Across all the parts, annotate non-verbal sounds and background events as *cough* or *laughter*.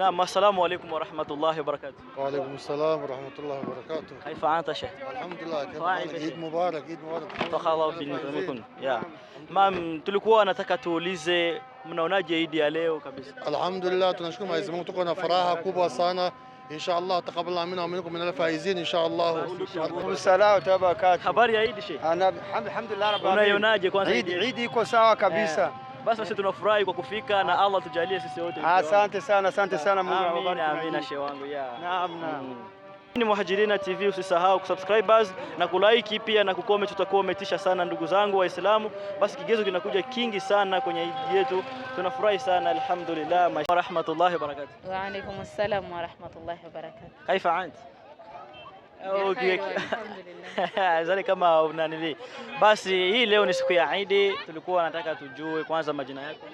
نعم السلام عليكم ورحمة الله وبركاته وعليكم السلام ورحمة الله وبركاته كيف أنت شيخ؟ الحمد لله كيف عيد مبارك عيد مبارك تخلوا في نظامكم يا ما تلقوا أنا تكتو ليزي من هنا جيد يا ليو الحمد لله تنشكر ما يزمون تكون فراحة كوبا صانا ان شاء الله تقبل الله منا ومنكم من الفائزين ان شاء الله وعليكم السلام ورحمه الله خبر يا عيد شيخ انا الحمد لله رب العالمين عيد عيد يكون ساوا كبيسه آه. Basi sisi tunafurahi kwa kufika na Allah tujalie sisi wote. Ah, asante sana, asante ah, sana Mungu awabariki. Amina shehe wangu. Naam, naam. Mm. Ni Muhajirina TV, usisahau kusubscribers na kulike pia na kucomment, tutakuwa umetisha sana ndugu zangu Waislamu. Basi kigezo kinakuja kingi sana kwenye idi yetu, tunafurahi sana alhamdulillah. Wa rahmatullahi wa barakatuh. Wa alaykum assalam wa rahmatullahi wa barakatuh. Kaifa anti? Oh, *laughs* Zali kama unanili. Basi hii leo ni siku ya Idi, tulikuwa nataka tujue kwanza majina yako.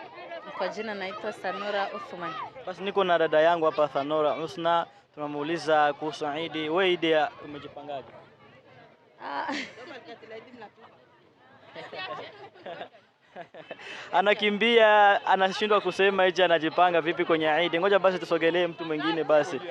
Kwa jina naitwa Sanora Uthman. Basi niko na dada yangu hapa Sanora Usna, tunamuuliza kuhusu Idi. Wewe Idi umejipangaje? Ah. *laughs* Anakimbia, anashindwa kusema hichi, anajipanga vipi kwenye Idi? Ngoja basi tusogelee mtu mwingine basi *laughs*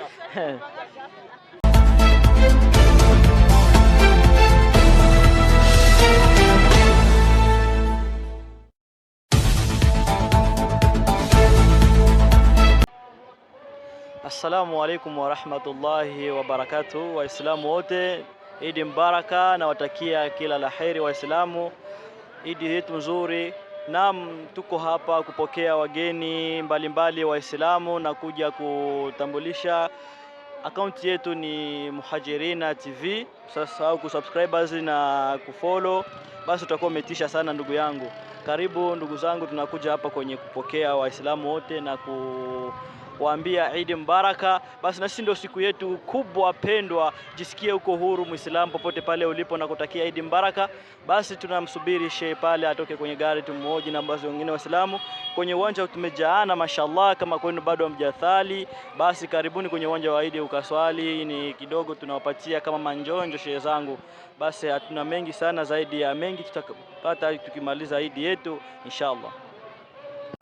Assalamu alaikum warahmatullahi wabarakatuh. Waislamu wote Idi mbaraka, nawatakia kila la heri Waislamu, Idi yetu nzuri. Naam, tuko hapa kupokea wageni mbalimbali Waislamu na kuja kutambulisha akaunti yetu ni Muhajirina TV. Usasahau kusubscribers na kufollow, basi utakuwa umetisha sana ndugu yangu. Karibu ndugu zangu, tunakuja hapa kwenye kupokea Waislamu wote na ku kuambia Idi Mbaraka. Basi na sisi ndio siku yetu kubwa pendwa, jisikie uko huru Muislamu popote pale ulipo na kutakia Idi Mbaraka. Basi tunamsubiri shehe pale atoke kwenye gari tumhoji na basi wengine Waislamu kwenye uwanja tumejaana, mashallah. Kama kwenu bado hamjathali, basi karibuni kwenye uwanja wa Idi ukaswali. Ni kidogo tunawapatia kama manjonjo, shehe zangu. Basi hatuna mengi sana, zaidi ya mengi tutapata tukimaliza Idi yetu inshallah.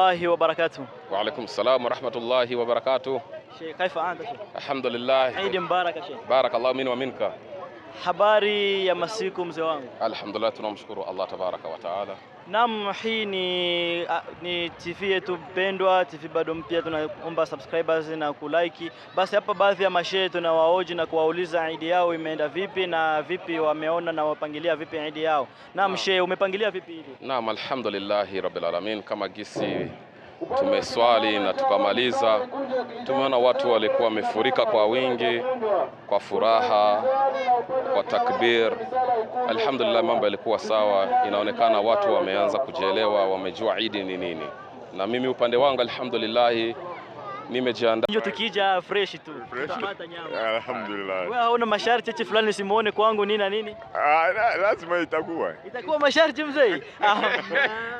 الله وبركاته وعليكم السلام ورحمة الله وبركاته شيخ كيف أنت شيخ؟ الحمد لله عيد مبارك شيخ بارك الله مني ومنك habari ya masiku mzee wangu alhamdulillah tunamshukuru allah tabaraka wataala Naam, hii ni, ah, ni TV yetu pendwa, TV bado mpya, tunaomba subscribers na kulike. Basi hapa baadhi ya mashehe tunawaoji na kuwauliza idi yao imeenda vipi na vipi wameona na wapangilia vipi idi yao. Naam, shehe umepangilia vipi idi? Naam, alhamdulillahi rabbil alamin kama gisi tumeswali na tukamaliza, tumeona watu walikuwa wamefurika kwa wingi, kwa furaha, kwa takbir. Alhamdulillah, mambo yalikuwa sawa. Inaonekana watu wameanza kujielewa, wamejua Idi ni nini, na mimi upande wangu alhamdulillah nimejiandaa. Ndio tukija fresh tu. Tutamata nyama. Alhamdulillah. Wewe hauna masharti eti fulani simuone kwangu nini na nini? Ah, lazima itakuwa. Itakuwa masharti mzee. *laughs*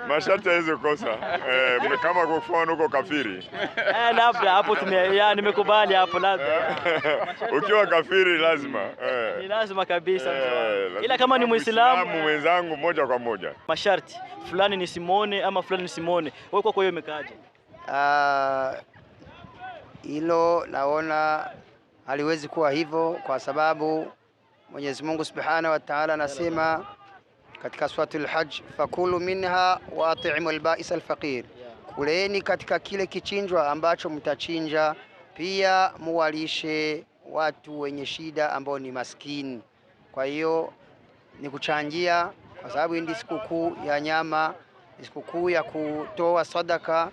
Masharti hizo kosa. Eh, kama kwa kufanya uko kafiri. *laughs* Eh, labda hapo tume ya nimekubali hapo labda. *laughs* Ukiwa kafiri lazima. Eh. Ni lazima kabisa. Eh, Ila kama ni Muislamu mwenzangu moja kwa moja. Masharti fulani ni simuone ama fulani simuone. Wewe kwa hiyo imekaaje? Ah hilo naona haliwezi kuwa hivyo, kwa sababu Mwenyezi Mungu Subhanahu wa Ta'ala anasema katika Suratul Hajj, fakulu minha wa atimu albais alfaqir, kuleni katika kile kichinjwa ambacho mtachinja, pia muwalishe watu wenye shida ambao ni maskini. Kwa hiyo ni kuchangia, kwa sababu hii ndi sikukuu ya nyama, ni sikukuu ya kutoa sadaka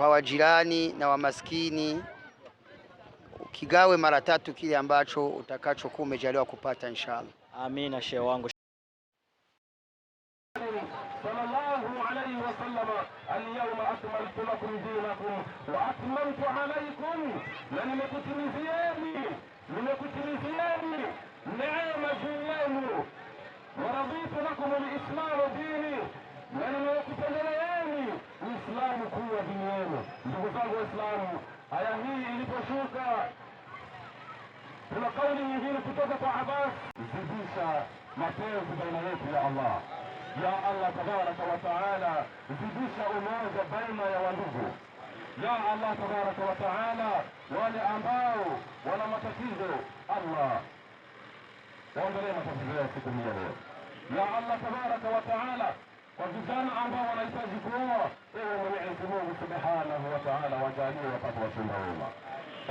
kwa wajirani na wamaskini, ukigawe mara tatu kile ambacho utakachokuwa umejaliwa kupata inshallah. Amina shehe wangu. Mapenzi kutoka kwa Abbas, zidisha mapenzi baina yetu ya Allah. Ya Allah tabaraka wa taala, zidisha umoja baina ya wandugu. Ya Allah tabaraka wa taala, wale ambao wana matatizo Allah waondolee matatizo yao siku hii ya leo. Ya Allah tabaraka wa taala, kwa vijana ambao wanahitaji kuoa, ewe Mwenyezi Mungu subhanahu wa taala, wajalie wapate wachumba wema.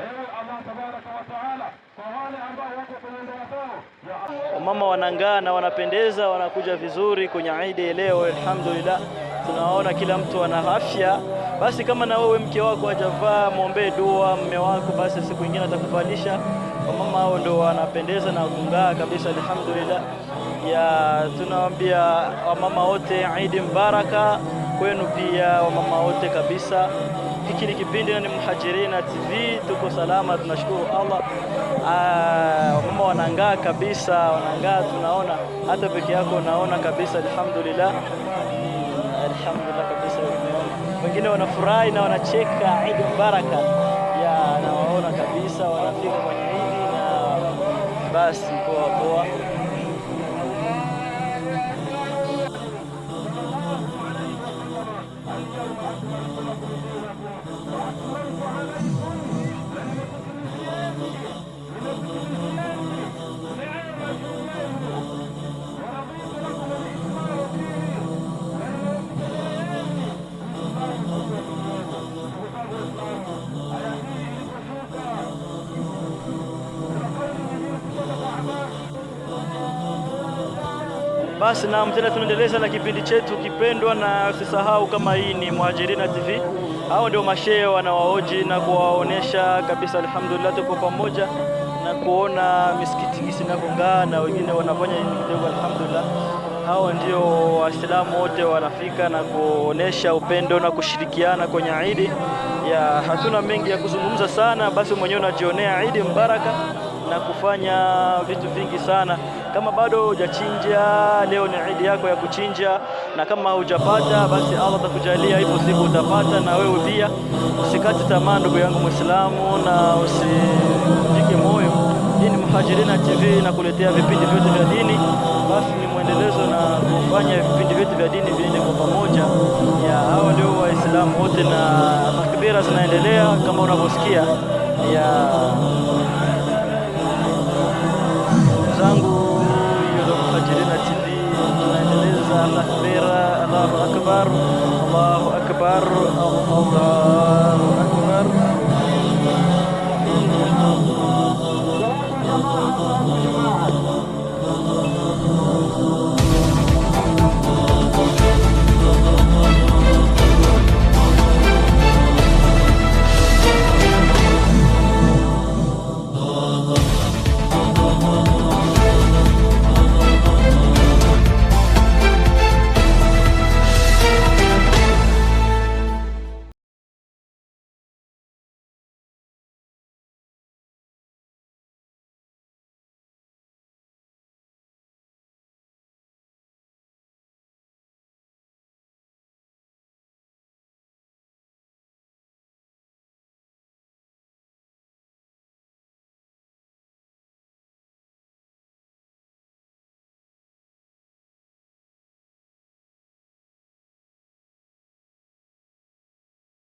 Ewe Allah tabaraka wa taala, kwa wale ambao wako kwenye ndoa zao, wamama wanang'aa na wanapendeza, wanakuja vizuri kwenye Eid leo. Alhamdulillah, tunaona kila mtu ana afya. Basi kama na wewe mke wako hajavaa, mwombee dua mme wako, basi siku nyingine atakuvalisha. Wamama hao ndio wanapendeza na kung'aa kabisa, alhamdulillah. Ya tunawaambia wamama wote Eid mbaraka kwenu pia wamama wote kabisa. Hiki ni kipindi ni Muhajirina TV, tuko salama, tunashukuru Allah. Ah, wamama wanangaa kabisa, wanangaa, tunaona hata peke yako unaona kabisa, alhamdulillah, alhamdulillah kabisa. Wengine wanafurahi na wanacheka, Eid mbaraka ya nawaona kabisa, wanafika kwenye Eid na basi poa poa. Basi na tena tunaendeleza na kipindi chetu kipendwa, na usisahau kama hii ni Mhajirina TV, hao ndio mashehe wanawaoji na kuwaonesha kabisa. Alhamdulillah, tuko pamoja na kuona misikiti gisi inavyong'aa na wengine wanafanya nini kidogo. Alhamdulillah, hao ndio Waislamu wote wanafika na kuonesha upendo na kushirikiana kwenye Idi ya. Hatuna mengi ya kuzungumza sana, basi mwenyewe unajionea Idi mbaraka na kufanya vitu vingi sana. Kama bado hujachinja, leo ni idi yako ya kuchinja, na kama hujapata basi Allah atakujalia, ipo siku utapata na wewe pia. Usikate tamaa ndugu yangu Muislamu, na usijike moyo. Hii ni Muhajirina TV na kuletea vipindi vyote vya dini, basi ni mwendelezo na kufanya vipindi vyote vya dini viende kwa pamoja ya hao ndio Waislamu wote, na takbira zinaendelea kama unavyosikia ya الله تكبير الله أكبر الله أكبر الله أكبر الله أكبر